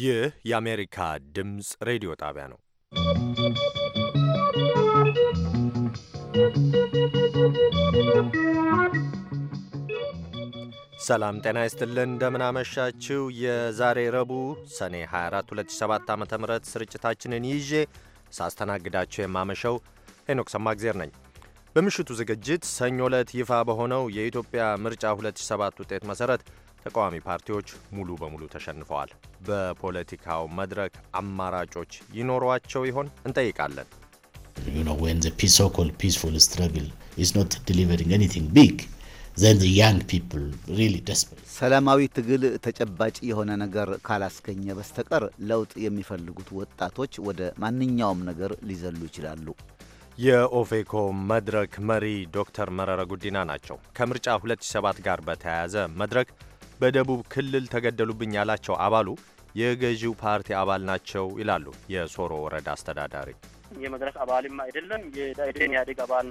ይህ የአሜሪካ ድምፅ ሬዲዮ ጣቢያ ነው። ሰላም ጤና ይስጥልን። እንደምናመሻችው የዛሬ ረቡዕ ሰኔ 24 2007 ዓ ም ስርጭታችንን ይዤ ሳስተናግዳቸው የማመሸው ሄኖክ ሰማግዜር ነኝ። በምሽቱ ዝግጅት ሰኞ ዕለት ይፋ በሆነው የኢትዮጵያ ምርጫ 2007 ውጤት መሠረት ተቃዋሚ ፓርቲዎች ሙሉ በሙሉ ተሸንፈዋል። በፖለቲካው መድረክ አማራጮች ይኖሯቸው ይሆን እንጠይቃለን። ሰላማዊ ትግል ተጨባጭ የሆነ ነገር ካላስገኘ በስተቀር ለውጥ የሚፈልጉት ወጣቶች ወደ ማንኛውም ነገር ሊዘሉ ይችላሉ። የኦፌኮ መድረክ መሪ ዶክተር መረረ ጉዲና ናቸው። ከምርጫ 2007 ጋር በተያያዘ መድረክ በደቡብ ክልል ተገደሉብኝ ያላቸው አባሉ የገዢው ፓርቲ አባል ናቸው ይላሉ የሶሮ ወረዳ አስተዳዳሪ። የመድረክ አባልም አይደለም የዳይዴን ኢህአዴግ አባል።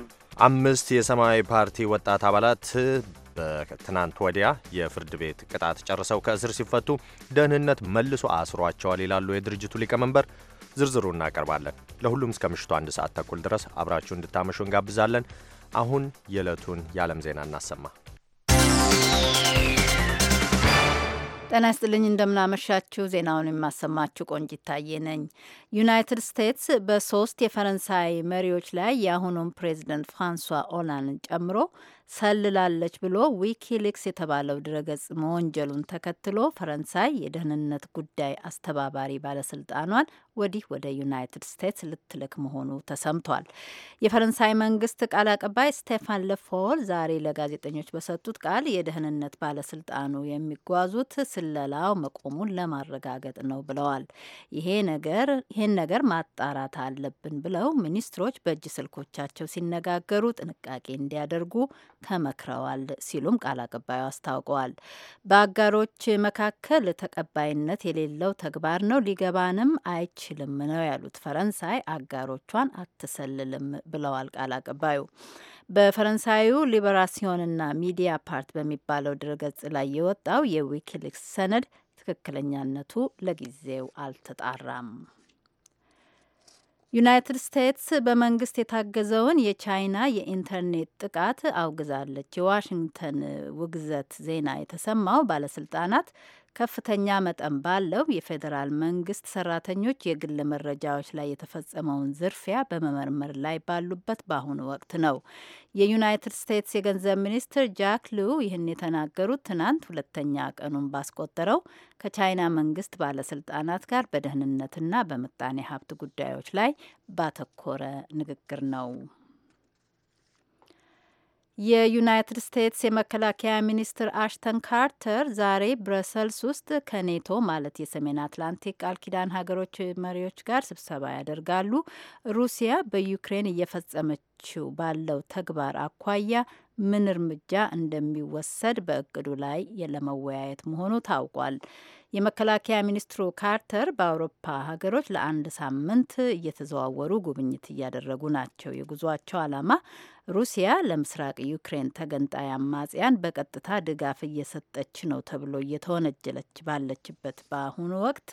አምስት የሰማያዊ ፓርቲ ወጣት አባላት በትናንት ወዲያ የፍርድ ቤት ቅጣት ጨርሰው ከእስር ሲፈቱ ደህንነት መልሶ አስሯቸዋል ይላሉ የድርጅቱ ሊቀመንበር። ዝርዝሩ እናቀርባለን። ለሁሉም እስከ ምሽቱ አንድ ሰዓት ተኩል ድረስ አብራችሁ እንድታመሹ እንጋብዛለን። አሁን የዕለቱን የዓለም ዜና እናሰማ። ጤና ይስጥልኝ እንደምናመሻችሁ። ዜናውን የማሰማችሁ ቆንጅ ይታየ ነኝ። ዩናይትድ ስቴትስ በሶስት የፈረንሳይ መሪዎች ላይ የአሁኑን ፕሬዚደንት ፍራንሷ ኦላንድን ጨምሮ ሰልላለች ብሎ ዊኪሊክስ የተባለው ድረገጽ መወንጀሉን ተከትሎ ፈረንሳይ የደህንነት ጉዳይ አስተባባሪ ባለስልጣኗን ወዲህ ወደ ዩናይትድ ስቴትስ ልትልክ መሆኑ ተሰምቷል። የፈረንሳይ መንግስት ቃል አቀባይ ስቴፋን ለፎል ዛሬ ለጋዜጠኞች በሰጡት ቃል የደህንነት ባለስልጣኑ የሚጓዙት ስለላው መቆሙን ለማረጋገጥ ነው ብለዋል። ይሄ ነገር ይህን ነገር ማጣራት አለብን ብለው ሚኒስትሮች በእጅ ስልኮቻቸው ሲነጋገሩ ጥንቃቄ እንዲያደርጉ ተመክረዋል ሲሉም ቃል አቀባዩ አስታውቀዋል። በአጋሮች መካከል ተቀባይነት የሌለው ተግባር ነው፣ ሊገባንም አይችልም ነው ያሉት። ፈረንሳይ አጋሮቿን አትሰልልም ብለዋል ቃል አቀባዩ። በፈረንሳዩ ሊበራሲዮንና ሚዲያ ፓርት በሚባለው ድረገጽ ላይ የወጣው የዊኪሊክስ ሰነድ ትክክለኛነቱ ለጊዜው አልተጣራም። ዩናይትድ ስቴትስ በመንግስት የታገዘውን የቻይና የኢንተርኔት ጥቃት አውግዛለች። የዋሽንግተን ውግዘት ዜና የተሰማው ባለስልጣናት ከፍተኛ መጠን ባለው የፌዴራል መንግስት ሰራተኞች የግል መረጃዎች ላይ የተፈጸመውን ዝርፊያ በመመርመር ላይ ባሉበት በአሁኑ ወቅት ነው። የዩናይትድ ስቴትስ የገንዘብ ሚኒስትር ጃክ ሉ ይህን የተናገሩት ትናንት ሁለተኛ ቀኑን ባስቆጠረው ከቻይና መንግስት ባለስልጣናት ጋር በደህንነትና በምጣኔ ሀብት ጉዳዮች ላይ ባተኮረ ንግግር ነው። የዩናይትድ ስቴትስ የመከላከያ ሚኒስትር አሽተን ካርተር ዛሬ ብረሰልስ ውስጥ ከኔቶ ማለት የሰሜን አትላንቲክ ቃል ኪዳን ሀገሮች መሪዎች ጋር ስብሰባ ያደርጋሉ። ሩሲያ በዩክሬን እየፈጸመችው ባለው ተግባር አኳያ ምን እርምጃ እንደሚወሰድ በእቅዱ ላይ ለመወያየት መሆኑ ታውቋል። የመከላከያ ሚኒስትሩ ካርተር በአውሮፓ ሀገሮች ለአንድ ሳምንት እየተዘዋወሩ ጉብኝት እያደረጉ ናቸው። የጉዟቸው ዓላማ ሩሲያ ለምስራቅ ዩክሬን ተገንጣይ አማጽያን በቀጥታ ድጋፍ እየሰጠች ነው ተብሎ እየተወነጀለች ባለችበት በአሁኑ ወቅት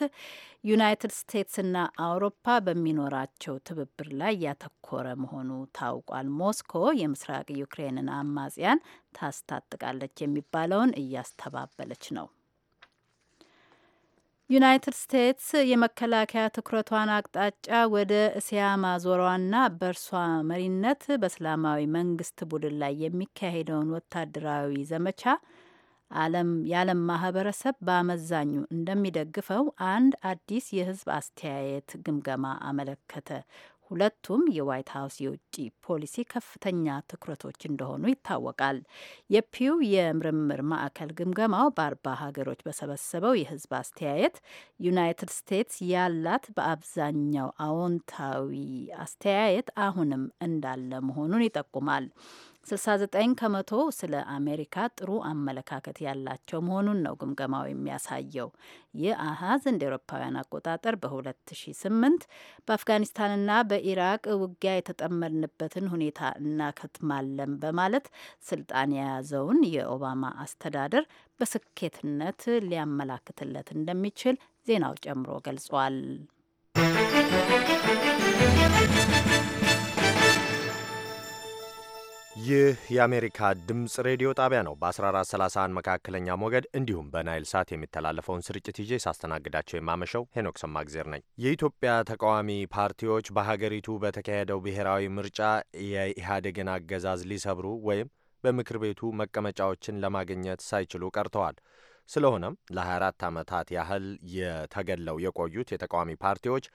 ዩናይትድ ስቴትስና አውሮፓ በሚኖራቸው ትብብር ላይ ያተኮረ መሆኑ ታውቋል። ሞስኮ የምስራቅ ዩክሬንን አማጽያን ታስታጥቃለች የሚባለውን እያስተባበለች ነው። ዩናይትድ ስቴትስ የመከላከያ ትኩረቷን አቅጣጫ ወደ እስያ ማዞሯና በእርሷ መሪነት በእስላማዊ መንግስት ቡድን ላይ የሚካሄደውን ወታደራዊ ዘመቻ የዓለም ማህበረሰብ በአመዛኙ እንደሚደግፈው አንድ አዲስ የህዝብ አስተያየት ግምገማ አመለከተ። ሁለቱም የዋይት ሀውስ የውጭ ፖሊሲ ከፍተኛ ትኩረቶች እንደሆኑ ይታወቃል። የፒው የምርምር ማዕከል ግምገማው በአርባ ሀገሮች በሰበሰበው የህዝብ አስተያየት ዩናይትድ ስቴትስ ያላት በአብዛኛው አዎንታዊ አስተያየት አሁንም እንዳለ መሆኑን ይጠቁማል። 69 ከመቶ ስለ አሜሪካ ጥሩ አመለካከት ያላቸው መሆኑን ነው ግምገማው የሚያሳየው። ይህ አሃዝ እንደ ኤሮፓውያን አቆጣጠር በ2008 በአፍጋኒስታንና በኢራቅ ውጊያ የተጠመድንበትን ሁኔታ እናከትማለን በማለት ስልጣን የያዘውን የኦባማ አስተዳደር በስኬትነት ሊያመላክትለት እንደሚችል ዜናው ጨምሮ ገልጿል። ይህ የአሜሪካ ድምፅ ሬዲዮ ጣቢያ ነው። በ1431 መካከለኛ ሞገድ እንዲሁም በናይል ሳት የሚተላለፈውን ስርጭት ይዤ ሳስተናግዳቸው የማመሸው ሄኖክ ሰማግዜር ነኝ። የኢትዮጵያ ተቃዋሚ ፓርቲዎች በሀገሪቱ በተካሄደው ብሔራዊ ምርጫ የኢህአዴግን አገዛዝ ሊሰብሩ ወይም በምክር ቤቱ መቀመጫዎችን ለማግኘት ሳይችሉ ቀርተዋል። ስለሆነም ለ24 ዓመታት ያህል የተገለው የቆዩት የተቃዋሚ ፓርቲዎች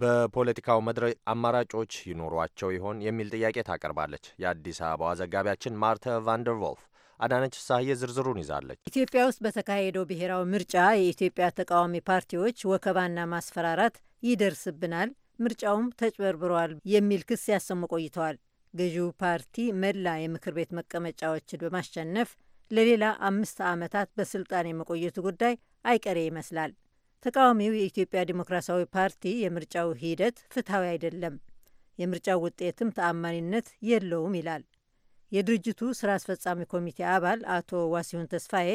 በፖለቲካው መድረክ አማራጮች ይኖሯቸው ይሆን የሚል ጥያቄ ታቀርባለች። የአዲስ አበባዋ ዘጋቢያችን ማርተ ቫንደርቮልፍ አዳነች ሳህዬ ዝርዝሩን ይዛለች። ኢትዮጵያ ውስጥ በተካሄደው ብሔራዊ ምርጫ የኢትዮጵያ ተቃዋሚ ፓርቲዎች ወከባና ማስፈራራት ይደርስብናል፣ ምርጫውም ተጭበርብረዋል የሚል ክስ ያሰሙ ቆይተዋል። ገዢው ፓርቲ መላ የምክር ቤት መቀመጫዎችን በማሸነፍ ለሌላ አምስት ዓመታት በስልጣን የመቆየቱ ጉዳይ አይቀሬ ይመስላል። ተቃዋሚው የኢትዮጵያ ዲሞክራሲያዊ ፓርቲ የምርጫው ሂደት ፍትሐዊ አይደለም፣ የምርጫው ውጤትም ተአማኒነት የለውም ይላል። የድርጅቱ ስራ አስፈጻሚ ኮሚቴ አባል አቶ ዋሲሁን ተስፋዬ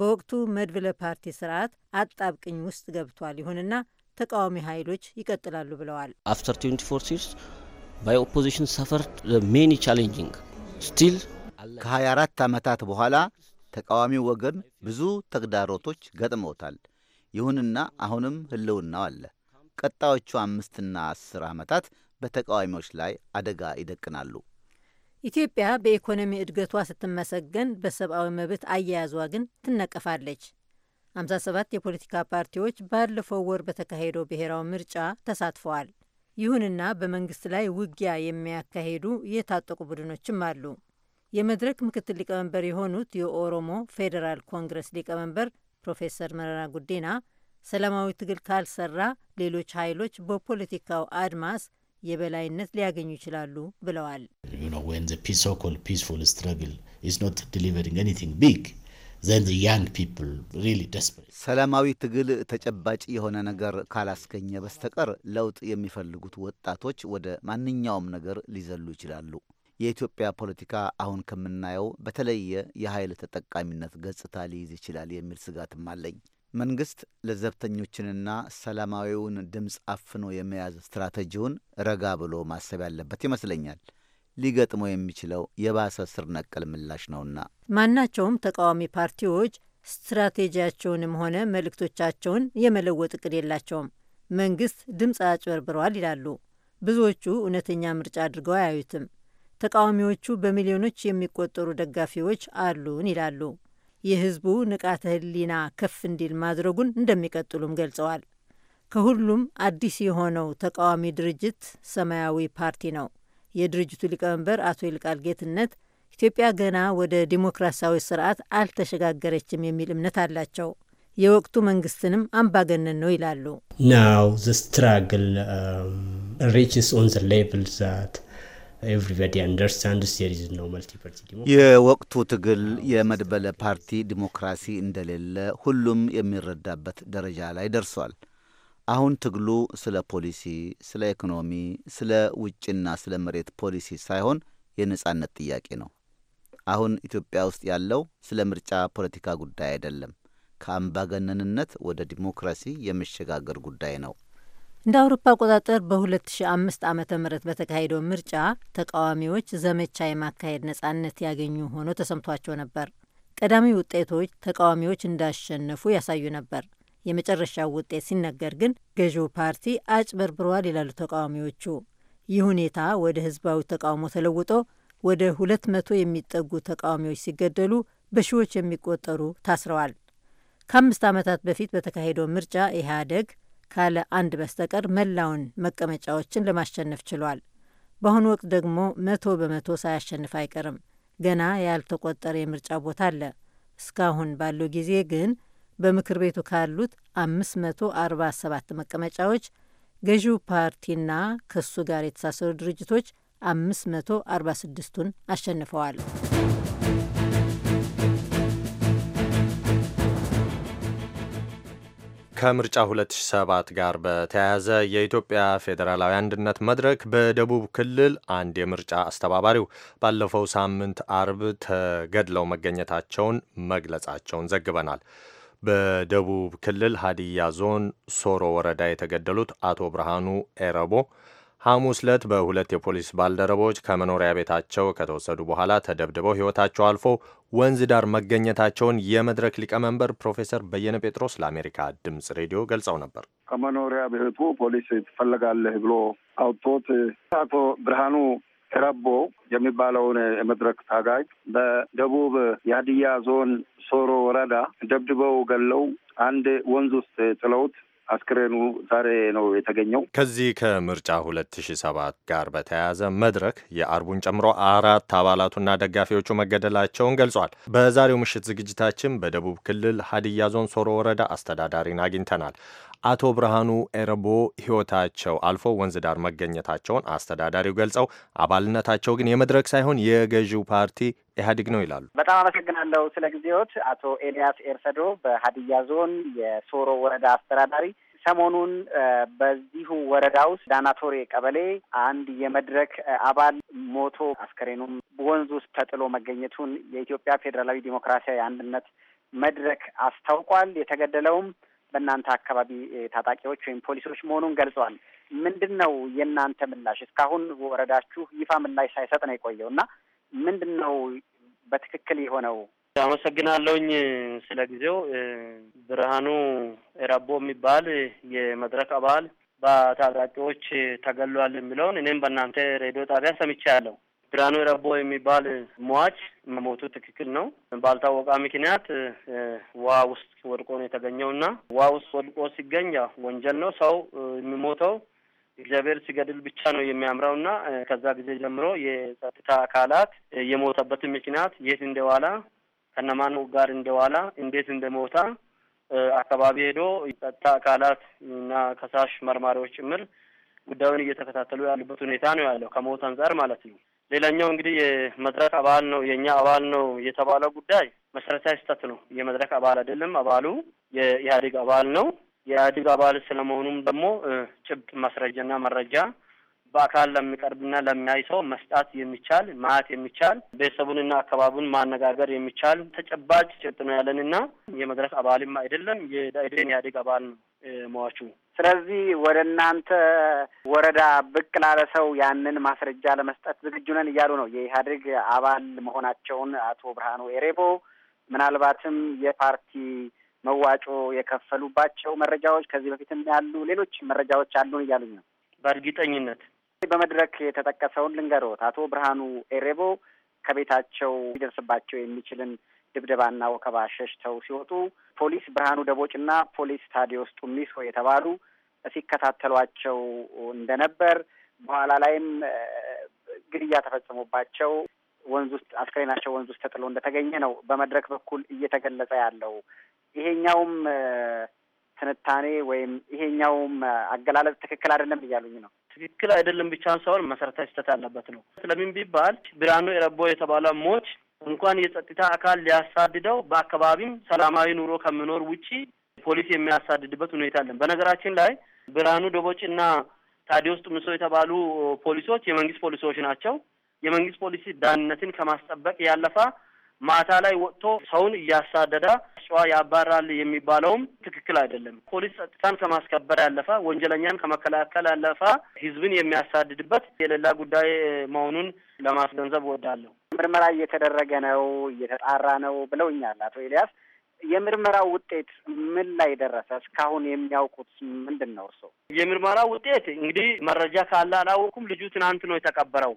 በወቅቱ መድብለ ፓርቲ ስርዓት አጣብቅኝ ውስጥ ገብቷል፣ ይሁንና ተቃዋሚ ኃይሎች ይቀጥላሉ ብለዋል። አፍተር 24 ሲርስ ባይ ኦፖዚሽን ሰፈር ሜኒ ቻሌንጂንግ ስቲል ከ24 ዓመታት በኋላ ተቃዋሚው ወገን ብዙ ተግዳሮቶች ገጥመውታል። ይሁንና አሁንም ህልውናው አለ። ቀጣዮቹ አምስትና አስር ዓመታት በተቃዋሚዎች ላይ አደጋ ይደቅናሉ። ኢትዮጵያ በኢኮኖሚ እድገቷ ስትመሰገን በሰብአዊ መብት አያያዟ ግን ትነቀፋለች። 57 የፖለቲካ ፓርቲዎች ባለፈው ወር በተካሄደው ብሔራዊ ምርጫ ተሳትፈዋል። ይሁንና በመንግስት ላይ ውጊያ የሚያካሂዱ የታጠቁ ቡድኖችም አሉ። የመድረክ ምክትል ሊቀመንበር የሆኑት የኦሮሞ ፌዴራል ኮንግረስ ሊቀመንበር ፕሮፌሰር መረራ ጉዲና ሰላማዊ ትግል ካልሰራ ሌሎች ኃይሎች በፖለቲካው አድማስ የበላይነት ሊያገኙ ይችላሉ ብለዋል። ሰላማዊ ትግል ተጨባጭ የሆነ ነገር ካላስገኘ በስተቀር ለውጥ የሚፈልጉት ወጣቶች ወደ ማንኛውም ነገር ሊዘሉ ይችላሉ። የኢትዮጵያ ፖለቲካ አሁን ከምናየው በተለየ የኃይል ተጠቃሚነት ገጽታ ሊይዝ ይችላል የሚል ስጋትም አለኝ። መንግስት ለዘብተኞችንና ሰላማዊውን ድምፅ አፍኖ የመያዝ ስትራቴጂውን ረጋ ብሎ ማሰብ ያለበት ይመስለኛል። ሊገጥመው የሚችለው የባሰ ስር ነቀል ምላሽ ነውና ማናቸውም ተቃዋሚ ፓርቲዎች ስትራቴጂያቸውንም ሆነ መልእክቶቻቸውን የመለወጥ እቅድ የላቸውም። መንግስት ድምፅ አጭበርብረዋል ይላሉ። ብዙዎቹ እውነተኛ ምርጫ አድርገው አያዩትም። ተቃዋሚዎቹ በሚሊዮኖች የሚቆጠሩ ደጋፊዎች አሉን ይላሉ። የህዝቡ ንቃተ ህሊና ከፍ እንዲል ማድረጉን እንደሚቀጥሉም ገልጸዋል። ከሁሉም አዲስ የሆነው ተቃዋሚ ድርጅት ሰማያዊ ፓርቲ ነው። የድርጅቱ ሊቀመንበር አቶ ይልቃል ጌትነት ኢትዮጵያ ገና ወደ ዲሞክራሲያዊ ስርዓት አልተሸጋገረችም የሚል እምነት አላቸው። የወቅቱ መንግስትንም አምባገነን ነው ይላሉ። ናው ዘ ስትራግል ሪችስ ኦን ዘ ሌቭል ዛት የወቅቱ ትግል የመድበለ ፓርቲ ዲሞክራሲ እንደሌለ ሁሉም የሚረዳበት ደረጃ ላይ ደርሷል። አሁን ትግሉ ስለ ፖሊሲ፣ ስለ ኢኮኖሚ፣ ስለ ውጭና ስለ መሬት ፖሊሲ ሳይሆን የነጻነት ጥያቄ ነው። አሁን ኢትዮጵያ ውስጥ ያለው ስለ ምርጫ ፖለቲካ ጉዳይ አይደለም። ከአምባገነንነት ወደ ዲሞክራሲ የመሸጋገር ጉዳይ ነው። እንደ አውሮፓ አቆጣጠር በ2005 ዓ ም በተካሄደው ምርጫ ተቃዋሚዎች ዘመቻ የማካሄድ ነጻነት ያገኙ ሆኖ ተሰምቷቸው ነበር። ቀዳሚ ውጤቶች ተቃዋሚዎች እንዳሸነፉ ያሳዩ ነበር። የመጨረሻው ውጤት ሲነገር ግን ገዢው ፓርቲ አጭበርብረዋል ይላሉ ተቃዋሚዎቹ። ይህ ሁኔታ ወደ ህዝባዊ ተቃውሞ ተለውጦ ወደ ሁለት መቶ የሚጠጉ ተቃዋሚዎች ሲገደሉ በሺዎች የሚቆጠሩ ታስረዋል። ከአምስት ዓመታት በፊት በተካሄደው ምርጫ ኢህአደግ ካለ አንድ በስተቀር መላውን መቀመጫዎችን ለማሸነፍ ችሏል። በአሁኑ ወቅት ደግሞ መቶ በመቶ ሳያሸንፍ አይቀርም። ገና ያልተቆጠረ የምርጫ ቦታ አለ። እስካሁን ባለው ጊዜ ግን በምክር ቤቱ ካሉት 547 መቀመጫዎች ገዢው ፓርቲና ከሱ ጋር የተሳሰሩ ድርጅቶች 546ቱን አሸንፈዋል። ከምርጫ 2007 ጋር በተያያዘ የኢትዮጵያ ፌዴራላዊ አንድነት መድረክ በደቡብ ክልል አንድ የምርጫ አስተባባሪው ባለፈው ሳምንት አርብ ተገድለው መገኘታቸውን መግለጻቸውን ዘግበናል። በደቡብ ክልል ሀዲያ ዞን ሶሮ ወረዳ የተገደሉት አቶ ብርሃኑ ኤረቦ ሐሙስ ዕለት በሁለት የፖሊስ ባልደረቦች ከመኖሪያ ቤታቸው ከተወሰዱ በኋላ ተደብድበው ሕይወታቸው አልፎ ወንዝ ዳር መገኘታቸውን የመድረክ ሊቀመንበር ፕሮፌሰር በየነ ጴጥሮስ ለአሜሪካ ድምፅ ሬዲዮ ገልጸው ነበር። ከመኖሪያ ቤቱ ፖሊስ ትፈለጋለህ ብሎ አውጥቶት አቶ ብርሃኑ ረቦ የሚባለውን የመድረክ ታጋጅ በደቡብ የሀዲያ ዞን ሶሮ ወረዳ ደብድበው ገለው አንድ ወንዝ ውስጥ ጥለውት አስክሬኑ ዛሬ ነው የተገኘው። ከዚህ ከምርጫ ሁለት ሺ ሰባት ጋር በተያያዘ መድረክ የአርቡን ጨምሮ አራት አባላቱና ደጋፊዎቹ መገደላቸውን ገልጿል። በዛሬው ምሽት ዝግጅታችን በደቡብ ክልል ሀዲያ ዞን ሶሮ ወረዳ አስተዳዳሪን አግኝተናል። አቶ ብርሃኑ ኤረቦ ሕይወታቸው አልፎ ወንዝ ዳር መገኘታቸውን አስተዳዳሪው ገልጸው አባልነታቸው ግን የመድረክ ሳይሆን የገዢው ፓርቲ ኢህአዴግ ነው ይላሉ። በጣም አመሰግናለሁ ስለ ጊዜዎት። አቶ ኤልያስ ኤርሰዶ በሀዲያ ዞን የሶሮ ወረዳ አስተዳዳሪ ሰሞኑን በዚሁ ወረዳ ውስጥ ዳናቶሬ ቀበሌ አንድ የመድረክ አባል ሞቶ አስከሬኑም ወንዝ ውስጥ ተጥሎ መገኘቱን የኢትዮጵያ ፌዴራላዊ ዴሞክራሲያዊ አንድነት መድረክ አስታውቋል። የተገደለውም በእናንተ አካባቢ ታጣቂዎች ወይም ፖሊሶች መሆኑን ገልጸዋል። ምንድን ነው የእናንተ ምላሽ? እስካሁን ወረዳችሁ ይፋ ምላሽ ሳይሰጥ ነው የቆየው እና ምንድን ነው በትክክል የሆነው? አመሰግናለሁኝ ስለ ጊዜው። ብርሃኑ ረቦ የሚባል የመድረክ አባል በታጣቂዎች ተገሏል የሚለውን እኔም በእናንተ ሬዲዮ ጣቢያ ሰምቻለሁ። ብርሃኑ ረቦ የሚባል ሟች መሞቱ ትክክል ነው። ባልታወቃ ምክንያት ውሃ ውስጥ ወድቆ ነው የተገኘው እና ውሃ ውስጥ ወድቆ ሲገኝ ወንጀል ነው። ሰው የሚሞተው እግዚአብሔር ሲገድል ብቻ ነው የሚያምረው እና ከዛ ጊዜ ጀምሮ የጸጥታ አካላት የሞተበትን ምክንያት የት እንደዋላ ከነማን ጋር እንደዋላ እንዴት እንደሞታ አካባቢ ሄዶ የጸጥታ አካላት እና ከሳሽ መርማሪዎች ጭምር ጉዳዩን እየተከታተሉ ያሉበት ሁኔታ ነው ያለው ከሞት አንጻር ማለት ነው። ሌላኛው እንግዲህ የመድረክ አባል ነው የእኛ አባል ነው የተባለው ጉዳይ መሰረታዊ ስህተት ነው። የመድረክ አባል አይደለም። አባሉ የኢህአዴግ አባል ነው። የኢህአዴግ አባል ስለመሆኑም ደግሞ ጭብጥ ማስረጃና መረጃ በአካል ለሚቀርብና ለሚያይ ሰው መስጣት የሚቻል ማየት የሚቻል ቤተሰቡንና አካባቢውን ማነጋገር የሚቻል ተጨባጭ ጭብጥ ነው ያለንና የመድረክ አባልም አይደለም የኢህአዴግ አባል ነው መዋቹ ስለዚህ ወደ እናንተ ወረዳ ብቅ ላለ ሰው ያንን ማስረጃ ለመስጠት ዝግጁ ነን እያሉ ነው የኢህአዴግ አባል መሆናቸውን አቶ ብርሃኑ ኤሬቦ ምናልባትም የፓርቲ መዋጮ የከፈሉባቸው መረጃዎች ከዚህ በፊትም ያሉ ሌሎች መረጃዎች አሉን እያሉኝ ነው። በእርግጠኝነት በመድረክ የተጠቀሰውን ልንገሮት። አቶ ብርሃኑ ኤሬቦ ከቤታቸው ሊደርስባቸው የሚችልን ድብደባና ወከባ ሸሽተው ሲወጡ ፖሊስ ብርሃኑ ደቦጭና ፖሊስ ታዲዮስ ጡሚሶ የተባሉ ሲከታተሏቸው እንደነበር በኋላ ላይም ግድያ ተፈጽሞባቸው ወንዝ ውስጥ አስክሬናቸው ወንዝ ውስጥ ተጥሎ እንደተገኘ ነው በመድረክ በኩል እየተገለጸ ያለው። ይሄኛውም ትንታኔ ወይም ይሄኛውም አገላለጽ ትክክል አይደለም እያሉኝ ነው። ትክክል አይደለም ብቻ ሳይሆን መሰረታዊ ስህተት ያለበት ነው። ስለምን ቢባል ብርሃኑ ኤረቦ የተባለ ሞች እንኳን የጸጥታ አካል ሊያሳድደው በአካባቢም ሰላማዊ ኑሮ ከምኖር ውጪ ፖሊስ የሚያሳድድበት ሁኔታ አለን። በነገራችን ላይ ብርሃኑ ደቦጭ እና ታዲዮስ ጥምሶ የተባሉ ፖሊሶች የመንግስት ፖሊሶች ናቸው። የመንግስት ፖሊሲ ደህንነትን ከማስጠበቅ ያለፋ ማታ ላይ ወጥቶ ሰውን እያሳደደ ሸዋ ያባራል የሚባለውም ትክክል አይደለም። ፖሊስ ጸጥታን ከማስከበር ያለፈ ወንጀለኛን ከመከላከል ያለፈ ህዝብን የሚያሳድድበት የሌላ ጉዳይ መሆኑን ለማስገንዘብ እወዳለሁ። ምርመራ እየተደረገ ነው፣ እየተጣራ ነው ብለውኛል አቶ ኤልያስ። የምርመራው ውጤት ምን ላይ ደረሰ? እስካሁን የሚያውቁት ምንድን ነው እርስዎ? የምርመራ ውጤት እንግዲህ መረጃ ካለ አላወቁም። ልጁ ትናንት ነው የተቀበረው።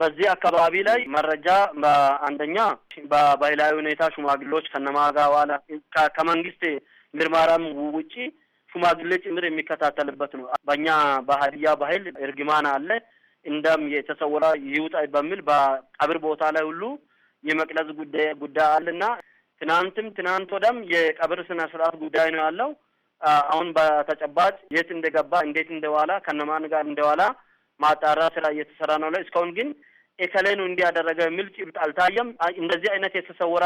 በዚህ አካባቢ ላይ መረጃ አንደኛ በባህላዊ ሁኔታ ሽማግሌዎች ከነማጋ በኋላ ከመንግስት ምርመራም ውጪ ሽማግሌ ጭምር የሚከታተልበት ነው። በእኛ በሀዲያ ባህል እርግማን አለ። እንደም የተሰወረ ይውጣ በሚል በቀብር ቦታ ላይ ሁሉ የመቅደስ ጉዳይ ጉዳይ አለና ትናንትም ትናንት ወደም የቀብር ስነ ስርዓት ጉዳይ ነው ያለው። አሁን በተጨባጭ የት እንደገባ እንዴት እንደዋላ ከነማን ጋር እንደዋላ ማጣራ ስራ እየተሰራ ነው ላይ እስካሁን ግን ኤከሌኑ እንዲያደረገ የሚል ጭብጥ አልታየም። እንደዚህ አይነት የተሰወረ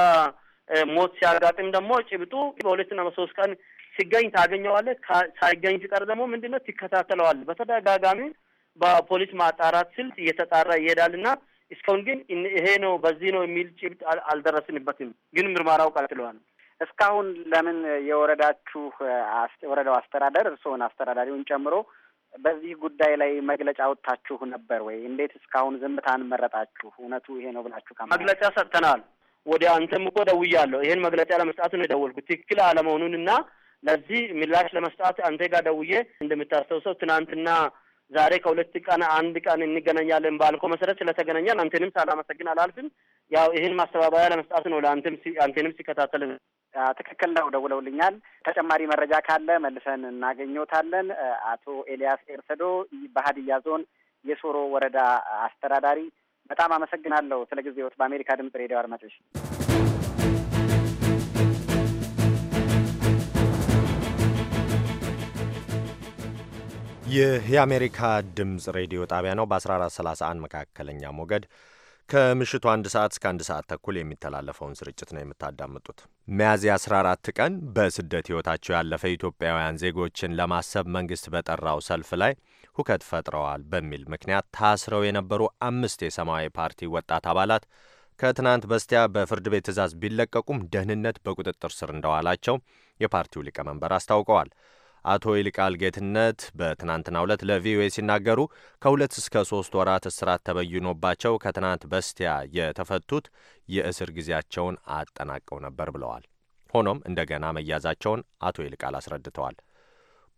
ሞት ሲያጋጥም ደግሞ ጭብጡ በሁለትና በሶስት ቀን ሲገኝ ታገኘዋለህ። ሳይገኝ ሲቀር ደግሞ ምንድነው ትከታተለዋል በተደጋጋሚ በፖሊስ ማጣራት ስልት እየተጣራ ይሄዳልና እስካሁን ግን ይሄ ነው በዚህ ነው የሚል ጭብጥ አልደረስንበትም። ግን ምርመራው ቀጥለዋል። እስካሁን ለምን የወረዳችሁ ወረዳው አስተዳደር እርስዎን አስተዳዳሪውን ጨምሮ በዚህ ጉዳይ ላይ መግለጫ ወጥታችሁ ነበር ወይ? እንዴት እስካሁን ዝምታን መረጣችሁ? እውነቱ ይሄ ነው ብላችሁ መግለጫ ሰጥተናል። ወደ አንተም እኮ ደውያለሁ። ይሄን መግለጫ ለመስጣት ነው የደወልኩት ትክክል አለመሆኑን እና ለዚህ ምላሽ ለመስጣት አንተ ጋር ደውዬ እንደምታስተውሰው ትናንትና ዛሬ ከሁለት ቀን አንድ ቀን እንገናኛለን ባልኮ መሰረት ስለተገናኛል አንተንም ሳላመሰግን አላልፍም። ያው ይህን ማስተባበያ ለመስጣት ነው። ለአንተም አንተንም ሲከታተል ትክክል ነው። ደውለውልኛል። ተጨማሪ መረጃ ካለ መልሰን እናገኘታለን። አቶ ኤልያስ ኤርሰዶ በሀዲያ ዞን የሶሮ ወረዳ አስተዳዳሪ፣ በጣም አመሰግናለሁ ስለ ጊዜዎት። በአሜሪካ ድምጽ ሬዲዮ አድማጮች ይህ የአሜሪካ ድምፅ ሬዲዮ ጣቢያ ነው። በ1431 መካከለኛ ሞገድ ከምሽቱ አንድ ሰዓት እስከ አንድ ሰዓት ተኩል የሚተላለፈውን ስርጭት ነው የምታዳምጡት። ሚያዝያ 14 ቀን በስደት ሕይወታቸው ያለፈ ኢትዮጵያውያን ዜጎችን ለማሰብ መንግሥት በጠራው ሰልፍ ላይ ሁከት ፈጥረዋል በሚል ምክንያት ታስረው የነበሩ አምስት የሰማያዊ ፓርቲ ወጣት አባላት ከትናንት በስቲያ በፍርድ ቤት ትእዛዝ ቢለቀቁም ደህንነት በቁጥጥር ስር እንደዋላቸው የፓርቲው ሊቀመንበር አስታውቀዋል። አቶ ይልቃል ጌትነት በትናንትና ዕለት ለቪኦኤ ሲናገሩ ከሁለት እስከ ሶስት ወራት እስራት ተበይኖባቸው ከትናንት በስቲያ የተፈቱት የእስር ጊዜያቸውን አጠናቀው ነበር ብለዋል። ሆኖም እንደገና መያዛቸውን አቶ ይልቃል አስረድተዋል።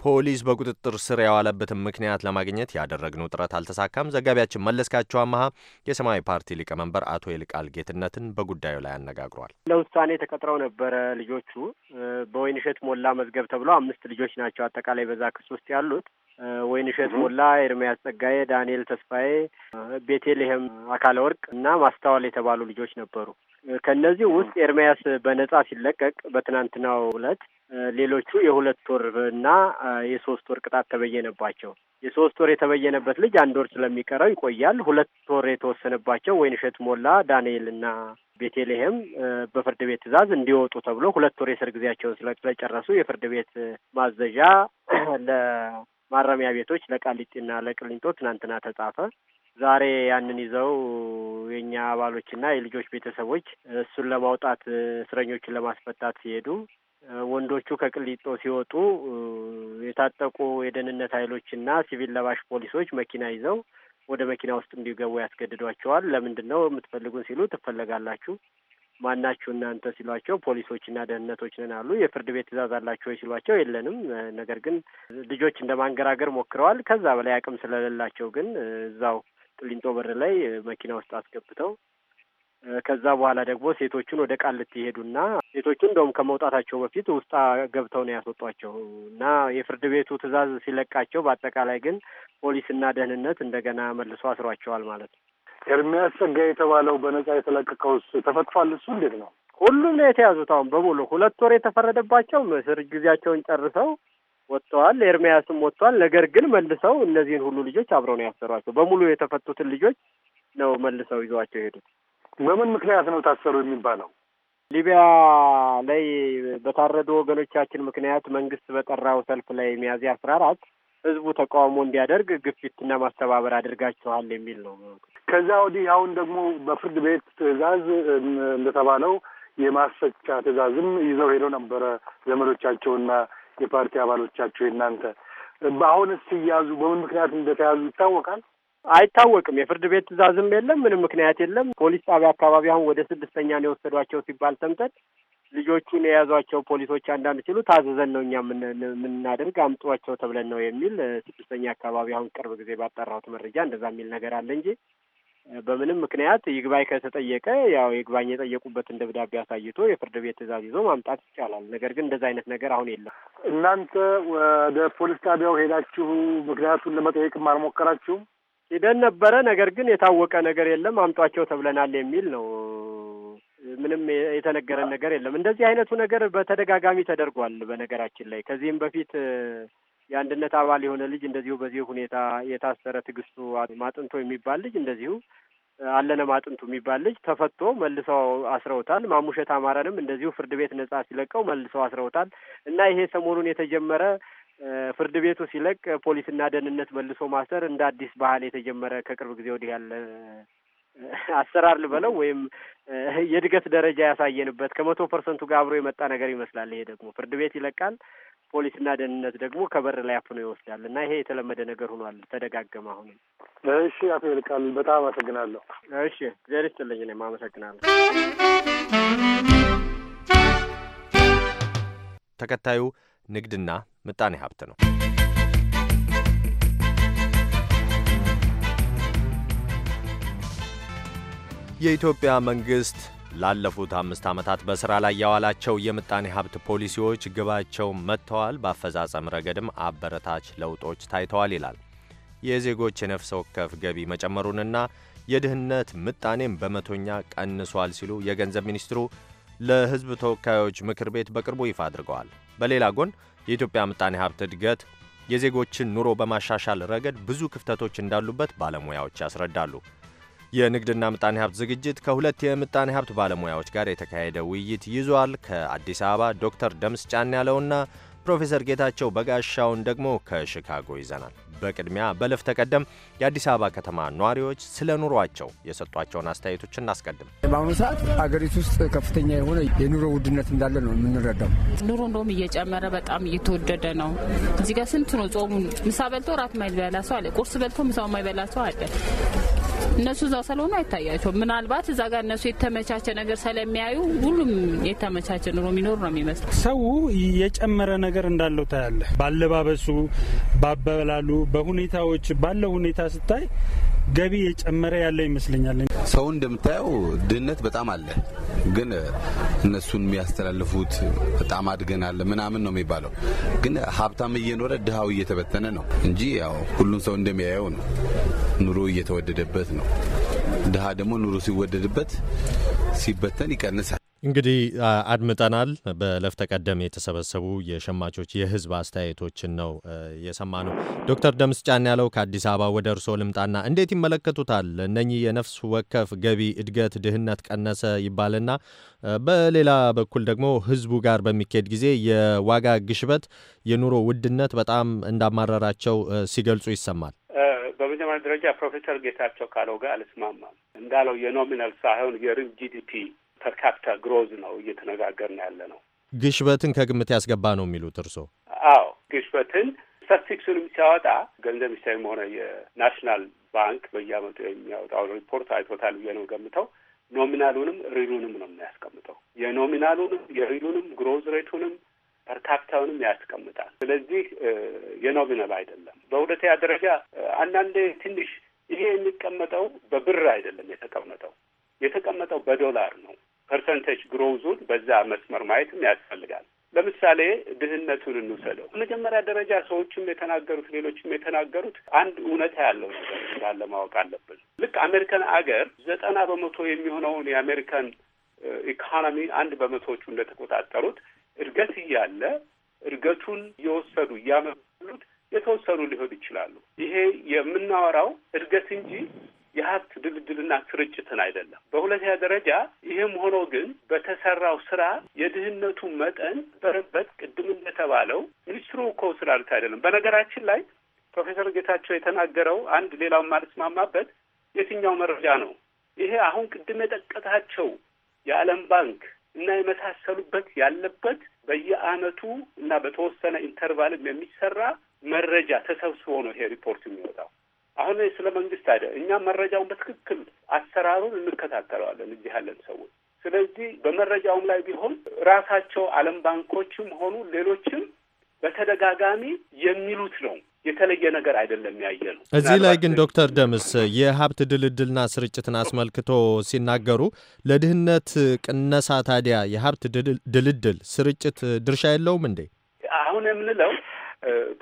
ፖሊስ በቁጥጥር ስር የዋለበትን ምክንያት ለማግኘት ያደረግነው ጥረት አልተሳካም። ዘጋቢያችን መለስካቸው አመሃ የሰማያዊ ፓርቲ ሊቀመንበር አቶ ይልቃል ጌትነትን በጉዳዩ ላይ አነጋግሯል። ለውሳኔ ተቀጥረው ነበረ ልጆቹ በወይንሸት ሞላ መዝገብ ተብለው አምስት ልጆች ናቸው አጠቃላይ በዛ ክስ ውስጥ ያሉት ወይንሸት ሞላ፣ ኤርሚያስ ጸጋዬ፣ ዳንኤል ተስፋዬ፣ ቤቴልሄም አካለ ወርቅ እና ማስተዋል የተባሉ ልጆች ነበሩ። ከእነዚህ ውስጥ ኤርሚያስ በነጻ ሲለቀቅ በትናንትናው ዕለት ሌሎቹ የሁለት ወር እና የሶስት ወር ቅጣት ተበየነባቸው። የሶስት ወር የተበየነበት ልጅ አንድ ወር ስለሚቀረው ይቆያል። ሁለት ወር የተወሰነባቸው ወይንሸት ሞላ፣ ዳንኤል እና ቤቴልሔም በፍርድ ቤት ትዕዛዝ እንዲወጡ ተብሎ ሁለት ወር የእስር ጊዜያቸውን ስለጨረሱ የፍርድ ቤት ማዘዣ ለማረሚያ ቤቶች ለቃሊጢና ለቅሊንጦ ትናንትና ተጻፈ። ዛሬ ያንን ይዘው የእኛ አባሎችና የልጆች ቤተሰቦች እሱን ለማውጣት እስረኞችን ለማስፈታት ሲሄዱ ወንዶቹ ከቅሊጦ ሲወጡ የታጠቁ የደህንነት ኃይሎችና ሲቪል ለባሽ ፖሊሶች መኪና ይዘው ወደ መኪና ውስጥ እንዲገቡ ያስገድዷቸዋል። ለምንድን ነው የምትፈልጉን ሲሉ ትፈለጋላችሁ፣ ማናችሁ እናንተ ሲሏቸው ፖሊሶችና ደህንነቶች ነን አሉ። የፍርድ ቤት ትእዛዝ አላቸው ሲሏቸው የለንም፣ ነገር ግን ልጆች እንደ ማንገራገር ሞክረዋል። ከዛ በላይ አቅም ስለሌላቸው ግን እዛው ቂሊንጦ በር ላይ መኪና ውስጥ አስገብተው ከዛ በኋላ ደግሞ ሴቶቹን ወደ ቃሊቲ ይሄዱና ሴቶቹ እንደውም ከመውጣታቸው በፊት ውስጣ ገብተው ነው ያስወጧቸው እና የፍርድ ቤቱ ትዕዛዝ ሲለቃቸው በአጠቃላይ ግን ፖሊስና ደህንነት እንደገና መልሶ አስሯቸዋል ማለት ነው። ኤርሚያስ ጸጋ የተባለው በነጻ የተለቀቀው ተፈጥፏል? እሱ እንዴት ነው? ሁሉም ነው የተያዙት። አሁን በሙሉ ሁለት ወር የተፈረደባቸው ምስር ጊዜያቸውን ጨርሰው ወጥተዋል። ኤርሚያስም ወጥተዋል። ነገር ግን መልሰው እነዚህን ሁሉ ልጆች አብረው ነው ያሰሯቸው። በሙሉ የተፈቱትን ልጆች ነው መልሰው ይዘዋቸው ሄዱት። በምን ምክንያት ነው ታሰሩ የሚባለው? ሊቢያ ላይ በታረዱ ወገኖቻችን ምክንያት መንግስት በጠራው ሰልፍ ላይ ሚያዝያ አስራ አራት ህዝቡ ተቃውሞ እንዲያደርግ ግፊትና ማስተባበር አድርጋችኋል የሚል ነው። ከዛ ወዲህ አሁን ደግሞ በፍርድ ቤት ትዕዛዝ እንደተባለው የማስፈጫ ትዕዛዝም ይዘው ሄደው ነበረ ዘመዶቻቸውና የፓርቲ አባሎቻቸው የእናንተ በአሁን ሲያዙ በምን ምክንያት እንደተያዙ ይታወቃል? አይታወቅም። የፍርድ ቤት ትዕዛዝም የለም፣ ምንም ምክንያት የለም። ፖሊስ ጣቢያ አካባቢ አሁን ወደ ስድስተኛ ነው የወሰዷቸው ሲባል ሰምተን ልጆቹን የያዟቸው ፖሊሶች አንዳንድ ሲሉ ታዘዘን ነው እኛ የምናደርግ አምጧቸው ተብለን ነው የሚል ስድስተኛ አካባቢ አሁን ቅርብ ጊዜ ባጠራሁት መረጃ እንደዛ የሚል ነገር አለ እንጂ በምንም ምክንያት ይግባኝ ከተጠየቀ ያው ይግባኝ የጠየቁበትን ደብዳቤ አሳይቶ የፍርድ ቤት ትዕዛዝ ይዞ ማምጣት ይቻላል። ነገር ግን እንደዚህ አይነት ነገር አሁን የለም። እናንተ ወደ ፖሊስ ጣቢያው ሄዳችሁ ምክንያቱን ለመጠየቅ አልሞከራችሁም? ሂደን ነበረ። ነገር ግን የታወቀ ነገር የለም። አምጧቸው ተብለናል የሚል ነው። ምንም የተነገረን ነገር የለም። እንደዚህ አይነቱ ነገር በተደጋጋሚ ተደርጓል። በነገራችን ላይ ከዚህም በፊት የአንድነት አባል የሆነ ልጅ እንደዚሁ በዚህ ሁኔታ የታሰረ ትዕግስቱ ማጥንቶ የሚባል ልጅ እንደዚሁ አለነ ማጥንቱ የሚባል ልጅ ተፈቶ መልሰው አስረውታል። ማሙሸት አማረንም እንደዚሁ ፍርድ ቤት ነጻ ሲለቀው መልሰው አስረውታል እና ይሄ ሰሞኑን የተጀመረ ፍርድ ቤቱ ሲለቅ ፖሊስና ደህንነት መልሶ ማሰር እንደ አዲስ ባህል የተጀመረ ከቅርብ ጊዜ ወዲህ ያለ አሰራር ልበለው ወይም የእድገት ደረጃ ያሳየንበት ከመቶ ፐርሰንቱ ጋር አብሮ የመጣ ነገር ይመስላል። ይሄ ደግሞ ፍርድ ቤት ይለቃል ፖሊስና ደህንነት ደግሞ ከበር ላይ አፍኖ ይወስዳል እና ይሄ የተለመደ ነገር ሆኗል። ተደጋገመ አሁንም። እሺ አቶ ይልቃል በጣም አመሰግናለሁ። እሺ እግዚአብሔር ይስጥልኝ። እኔም አመሰግናለሁ። ተከታዩ ንግድና ምጣኔ ሀብት ነው። የኢትዮጵያ መንግስት ላለፉት አምስት ዓመታት በሥራ ላይ ያዋላቸው የምጣኔ ሀብት ፖሊሲዎች ግባቸው መጥተዋል፣ በአፈጻጸም ረገድም አበረታች ለውጦች ታይተዋል ይላል። የዜጎች የነፍስ ወከፍ ገቢ መጨመሩንና የድህነት ምጣኔም በመቶኛ ቀንሷል ሲሉ የገንዘብ ሚኒስትሩ ለሕዝብ ተወካዮች ምክር ቤት በቅርቡ ይፋ አድርገዋል። በሌላ ጎን የኢትዮጵያ ምጣኔ ሀብት እድገት የዜጎችን ኑሮ በማሻሻል ረገድ ብዙ ክፍተቶች እንዳሉበት ባለሙያዎች ያስረዳሉ። የንግድና ምጣኔ ሀብት ዝግጅት ከሁለት የምጣኔ ሀብት ባለሙያዎች ጋር የተካሄደ ውይይት ይዟል። ከአዲስ አበባ ዶክተር ደምስ ጫን ያለውና ፕሮፌሰር ጌታቸው በጋሻውን ደግሞ ከሽካጎ ይዘናል። በቅድሚያ በለፍ ተቀደም የአዲስ አበባ ከተማ ነዋሪዎች ስለ ኑሯቸው የሰጧቸውን አስተያየቶች እናስቀድም። በአሁኑ ሰዓት አገሪቱ ውስጥ ከፍተኛ የሆነ የኑሮ ውድነት እንዳለ ነው የምንረዳው። ኑሮ እንደውም እየጨመረ በጣም እየተወደደ ነው። እዚህ ጋር ስንት ነው ጾሙ? ምሳ በልቶ ራት ማይበላ ሰው አለ። ቁርስ በልቶ ምሳው ማይበላ ሰው አለ። እነሱ እዛው ስለሆኑ አይታያቸው። ምናልባት እዛ ጋር እነሱ የተመቻቸ ነገር ስለሚያዩ ሁሉም የተመቻቸ ኑሮ የሚኖሩ ነው የሚመስለው። ሰው የጨመረ ነገር እንዳለው ታያለ። ባለባበሱ፣ ባበላሉ፣ በሁኔታዎች ባለው ሁኔታ ስታይ ገቢ የጨመረ ያለ ይመስለኛል። ሰው እንደምታየው ድህነት በጣም አለ ግን እነሱን የሚያስተላልፉት በጣም አድገናል ምናምን ነው የሚባለው። ግን ሀብታም እየኖረ ድሃው እየተበተነ ነው እንጂ ያው ሁሉም ሰው እንደሚያየው ነው። ኑሮ እየተወደደበት ነው። ድሃ ደግሞ ኑሮ ሲወደድበት ሲበተን ይቀንሳል። እንግዲህ አድምጠናል። በለፍተ ቀደም የተሰበሰቡ የሸማቾች የህዝብ አስተያየቶችን ነው የሰማ ነው። ዶክተር ደምስ ጫን ያለው ከአዲስ አበባ ወደ እርስዎ ልምጣና እንዴት ይመለከቱታል? እነኚህ የነፍስ ወከፍ ገቢ እድገት ድህነት ቀነሰ ይባልና በሌላ በኩል ደግሞ ህዝቡ ጋር በሚካሄድ ጊዜ የዋጋ ግሽበት፣ የኑሮ ውድነት በጣም እንዳማረራቸው ሲገልጹ ይሰማል። በመጀመሪያ ደረጃ ፕሮፌሰር ጌታቸው ካለው ጋር አልስማማም። እንዳለው የኖሚናል ሳይሆን የሪል ጂዲፒ ፐርካፒታ ግሮዝ ነው እየተነጋገርን ያለ ነው። ግሽበትን ከግምት ያስገባ ነው የሚሉት እርስዎ? አዎ ግሽበትን ስታቲስቲክሱንም ሲያወጣ ገንዘብ ሚኒስቴርም ሆነ የናሽናል ባንክ በየአመቱ የሚያወጣውን ሪፖርት አይቶታል ብዬ ነው ገምተው። ኖሚናሉንም ሪሉንም ነው የሚያስቀምጠው። የኖሚናሉንም የሪሉንም ግሮዝ ሬቱንም ፐርካፒታውንም ያስቀምጣል። ስለዚህ የኖሚናል አይደለም። በሁለተኛ ደረጃ አንዳንዴ ትንሽ ይሄ የሚቀመጠው በብር አይደለም የተቀመጠው የተቀመጠው በዶላር ነው። ፐርሰንቴጅ ግሮውዙን በዛ መስመር ማየትም ያስፈልጋል። ለምሳሌ ድህነቱን እንውሰደው። በመጀመሪያ ደረጃ ሰዎችም የተናገሩት ሌሎችም የተናገሩት አንድ እውነት ያለው ነገር እንዳለ ማወቅ አለብን። ልክ አሜሪካን አገር ዘጠና በመቶ የሚሆነውን የአሜሪካን ኢኮኖሚ አንድ በመቶዎቹ እንደተቆጣጠሩት እድገት እያለ እድገቱን እየወሰዱ እያመሉት የተወሰኑ ሊሆን ይችላሉ። ይሄ የምናወራው እድገት እንጂ የሀብት ድልድልና ስርጭትን አይደለም። በሁለተኛ ደረጃ ይህም ሆኖ ግን በተሰራው ስራ የድህነቱ መጠን በረበት ቅድም እንደተባለው ሚኒስትሩ እኮ ስላሉት አይደለም። በነገራችን ላይ ፕሮፌሰር ጌታቸው የተናገረው አንድ ሌላው የማልስማማበት የትኛው መረጃ ነው? ይሄ አሁን ቅድም የጠቀታቸው የዓለም ባንክ እና የመሳሰሉበት ያለበት በየአመቱ እና በተወሰነ ኢንተርቫልም የሚሰራ መረጃ ተሰብስቦ ነው ይሄ ሪፖርት የሚወጣው። አሁን ስለ መንግስት አይደል፣ እኛ መረጃውን በትክክል አሰራሩን እንከታተለዋለን እዚህ ያለን ሰዎች። ስለዚህ በመረጃውም ላይ ቢሆን ራሳቸው ዓለም ባንኮችም ሆኑ ሌሎችም በተደጋጋሚ የሚሉት ነው። የተለየ ነገር አይደለም ያየ ነው። እዚህ ላይ ግን ዶክተር ደምስ የሀብት ድልድልና ስርጭትን አስመልክቶ ሲናገሩ ለድህነት ቅነሳ ታዲያ የሀብት ድልድል ስርጭት ድርሻ የለውም እንዴ? አሁን የምንለው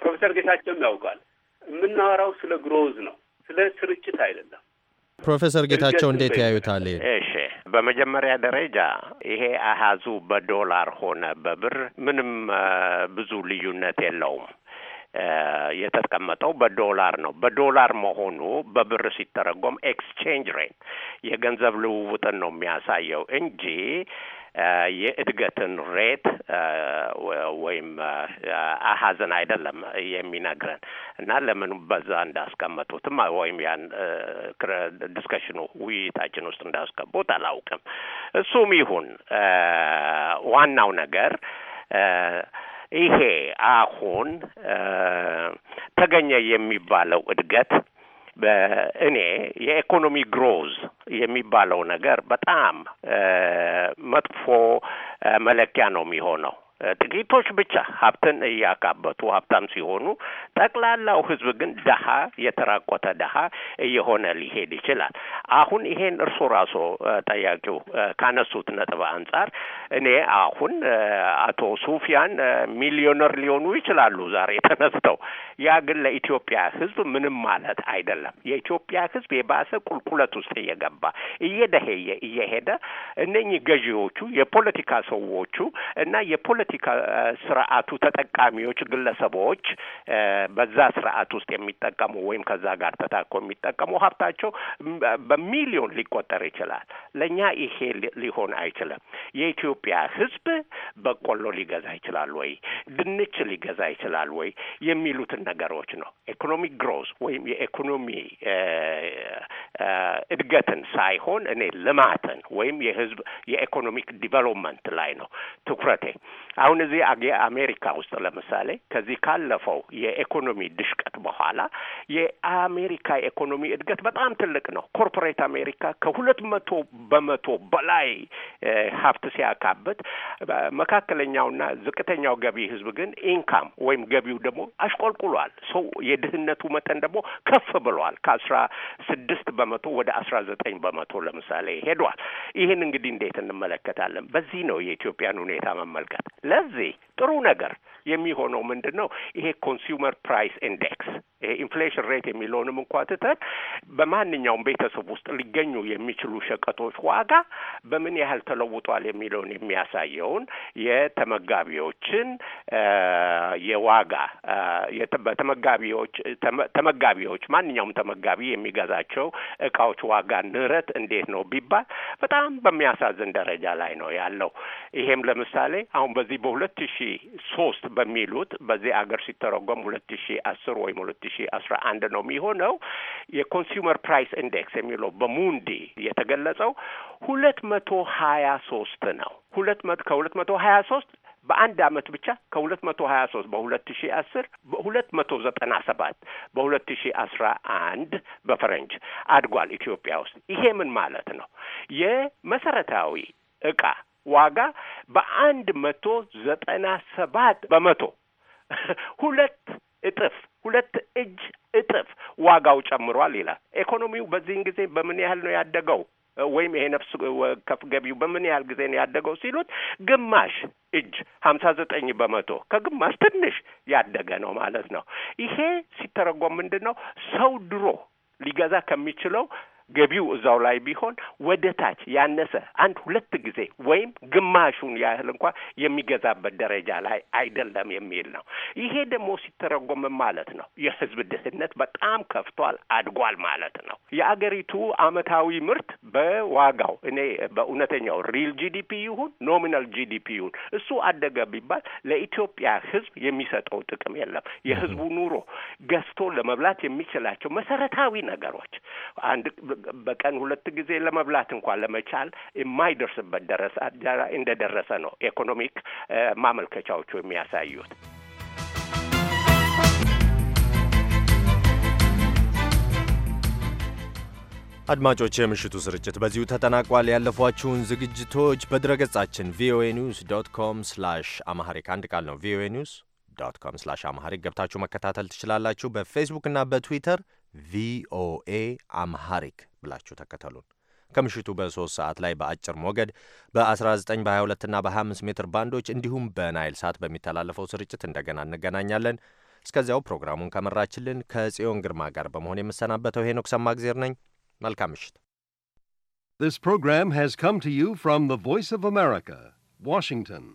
ፕሮፌሰር ጌታቸውም ያውቃል የምናወራው ስለ ግሮዝ ነው፣ ስለ ስርጭት አይደለም። ፕሮፌሰር ጌታቸው እንዴት ያዩታል? እሺ፣ በመጀመሪያ ደረጃ ይሄ አሃዙ በዶላር ሆነ በብር ምንም ብዙ ልዩነት የለውም። የተቀመጠው በዶላር ነው። በዶላር መሆኑ በብር ሲተረጎም ኤክስቼንጅ ሬት የገንዘብ ልውውጥን ነው የሚያሳየው እንጂ የእድገትን ሬት ወይም አሀዘን አይደለም የሚነግረን እና ለምን በዛ እንዳስቀመጡትም ወይም ያን ዲስከሽኑ ውይይታችን ውስጥ እንዳስገቡት አላውቅም። እሱም ይሁን ዋናው ነገር ይሄ አሁን ተገኘ የሚባለው እድገት እኔ የኢኮኖሚ ግሮዝ የሚባለው ነገር በጣም መጥፎ መለኪያ ነው የሚሆነው። ጥቂቶች ብቻ ሀብትን እያካበቱ ሀብታም ሲሆኑ፣ ጠቅላላው ህዝብ ግን ደሀ የተራቆተ ደሀ እየሆነ ሊሄድ ይችላል። አሁን ይሄን እርሶ ራሶ ጠያቂው ካነሱት ነጥብ አንጻር እኔ አሁን አቶ ሱፊያን ሚሊዮነር ሊሆኑ ይችላሉ ዛሬ ተነስተው ያ ግን ለኢትዮጵያ ህዝብ ምንም ማለት አይደለም። የኢትዮጵያ ህዝብ የባሰ ቁልቁለት ውስጥ እየገባ እየደሄየ እየሄደ እነኚህ ገዢዎቹ የፖለቲካ ሰዎቹ እና የፖለቲካ ስርዓቱ ተጠቃሚዎች ግለሰቦች በዛ ስርዓት ውስጥ የሚጠቀሙ ወይም ከዛ ጋር ተታኮ የሚጠቀሙ ሀብታቸው በሚሊዮን ሊቆጠር ይችላል። ለእኛ ይሄ ሊሆን አይችልም። የኢትዮጵያ ህዝብ በቆሎ ሊገዛ ይችላል ወይ? ድንች ሊገዛ ይችላል ወይ? የሚሉትን ነገሮች ነው። ኢኮኖሚክ ግሮዝ ወይም የኢኮኖሚ እድገትን ሳይሆን እኔ ልማትን ወይም የህዝብ የኢኮኖሚክ ዲቨሎፕመንት ላይ ነው ትኩረቴ። አሁን እዚህ አሜሪካ ውስጥ ለምሳሌ ከዚህ ካለፈው የኢኮኖሚ ድሽቀት በኋላ የአሜሪካ የኢኮኖሚ እድገት በጣም ትልቅ ነው። ኮርፖሬት አሜሪካ ከሁለት መቶ በመቶ በላይ ሀብት ሲያካብት መካከለኛውና ዝቅተኛው ገቢ ህዝብ ግን ኢንካም ወይም ገቢው ደግሞ አሽቆልቁሏል። ብሏል። ሰው የድህነቱ መጠን ደግሞ ከፍ ብሏል። ከአስራ ስድስት በመቶ ወደ አስራ ዘጠኝ በመቶ ለምሳሌ ሄዷል። ይህን እንግዲህ እንዴት እንመለከታለን? በዚህ ነው የኢትዮጵያን ሁኔታ መመልከት። ለዚህ ጥሩ ነገር የሚሆነው ምንድን ነው? ይሄ ኮንሱመር ፕራይስ ኢንዴክስ ይሄ ኢንፍሌሽን ሬት የሚለውንም እንኳ ትተን በማንኛውም ቤተሰብ ውስጥ ሊገኙ የሚችሉ ሸቀጦች ዋጋ በምን ያህል ተለውጧል የሚለውን የሚያሳየውን የተመጋቢዎችን የዋጋ በተመጋቢዎች ተመጋቢዎች ማንኛውም ተመጋቢ የሚገዛቸው እቃዎች ዋጋ ንረት እንዴት ነው ቢባል በጣም በሚያሳዝን ደረጃ ላይ ነው ያለው። ይሄም ለምሳሌ አሁን በዚህ በሁለት ሺ ሶስት በሚሉት በዚህ አገር ሲተረጎም ሁለት ሺ አስር ወይም ሁለት ሺ አስራ አንድ ነው የሚሆነው የኮንሱመር ፕራይስ ኢንዴክስ የሚለው በሙንዲ የተገለጸው ሁለት መቶ ሀያ ሶስት ነው። ሁለት መቶ ከሁለት መቶ ሀያ ሶስት በአንድ አመት ብቻ ከሁለት መቶ ሀያ ሶስት በሁለት ሺ አስር በሁለት መቶ ዘጠና ሰባት በሁለት ሺ አስራ አንድ በፈረንጅ አድጓል ኢትዮጵያ ውስጥ። ይሄ ምን ማለት ነው? የመሰረታዊ እቃ ዋጋ በአንድ መቶ ዘጠና ሰባት በመቶ ሁለት እጥፍ ሁለት እጅ እጥፍ ዋጋው ጨምሯል ይላል። ኢኮኖሚው በዚህን ጊዜ በምን ያህል ነው ያደገው ወይም ይሄ ነፍስ ወከፍ ገቢው በምን ያህል ጊዜ ነው ያደገው ሲሉት ግማሽ እጅ ሀምሳ ዘጠኝ በመቶ ከግማሽ ትንሽ ያደገ ነው ማለት ነው። ይሄ ሲተረጎም ምንድን ነው ሰው ድሮ ሊገዛ ከሚችለው ገቢው እዛው ላይ ቢሆን ወደ ታች ያነሰ አንድ ሁለት ጊዜ ወይም ግማሹን ያህል እንኳ የሚገዛበት ደረጃ ላይ አይደለም የሚል ነው። ይሄ ደግሞ ሲተረጎም ማለት ነው የህዝብ ድህነት በጣም ከፍቷል፣ አድጓል ማለት ነው። የአገሪቱ አመታዊ ምርት በዋጋው እኔ በእውነተኛው ሪል ጂዲፒ ይሁን ኖሚናል ጂዲፒ ይሁን እሱ አደገ ቢባል ለኢትዮጵያ ህዝብ የሚሰጠው ጥቅም የለም። የህዝቡ ኑሮ ገዝቶ ለመብላት የሚችላቸው መሰረታዊ ነገሮች አንድ በቀን ሁለት ጊዜ ለመብላት እንኳን ለመቻል የማይደርስበት ደረጃ እንደደረሰ ነው ኢኮኖሚክ ማመልከቻዎቹ የሚያሳዩት። አድማጮች የምሽቱ ስርጭት በዚሁ ተጠናቋል። ያለፏችሁን ዝግጅቶች በድረገጻችን ቪኦኤ ኒውስ ዶት ኮም ስላሽ አማሐሪክ አንድ ቃል ነው ቪኦኤ ኒውስ ዶት ኮም ስላሽ አማሐሪክ ገብታችሁ መከታተል ትችላላችሁ። በፌስቡክ በትዊተር ቪኦኤ አምሃሪክ ብላችሁ ተከተሉን። ከምሽቱ በሶስት ሰዓት ላይ በአጭር ሞገድ በ19 በ22ና በ25 ሜትር ባንዶች እንዲሁም በናይል ሳት በሚተላለፈው ስርጭት እንደገና እንገናኛለን። እስከዚያው ፕሮግራሙን ከመራችልን ከጽዮን ግርማ ጋር በመሆን የምሰናበተው ሄኖክ ሰማግዜር ነኝ። መልካም ምሽት። This program has come to you from the Voice of America, Washington.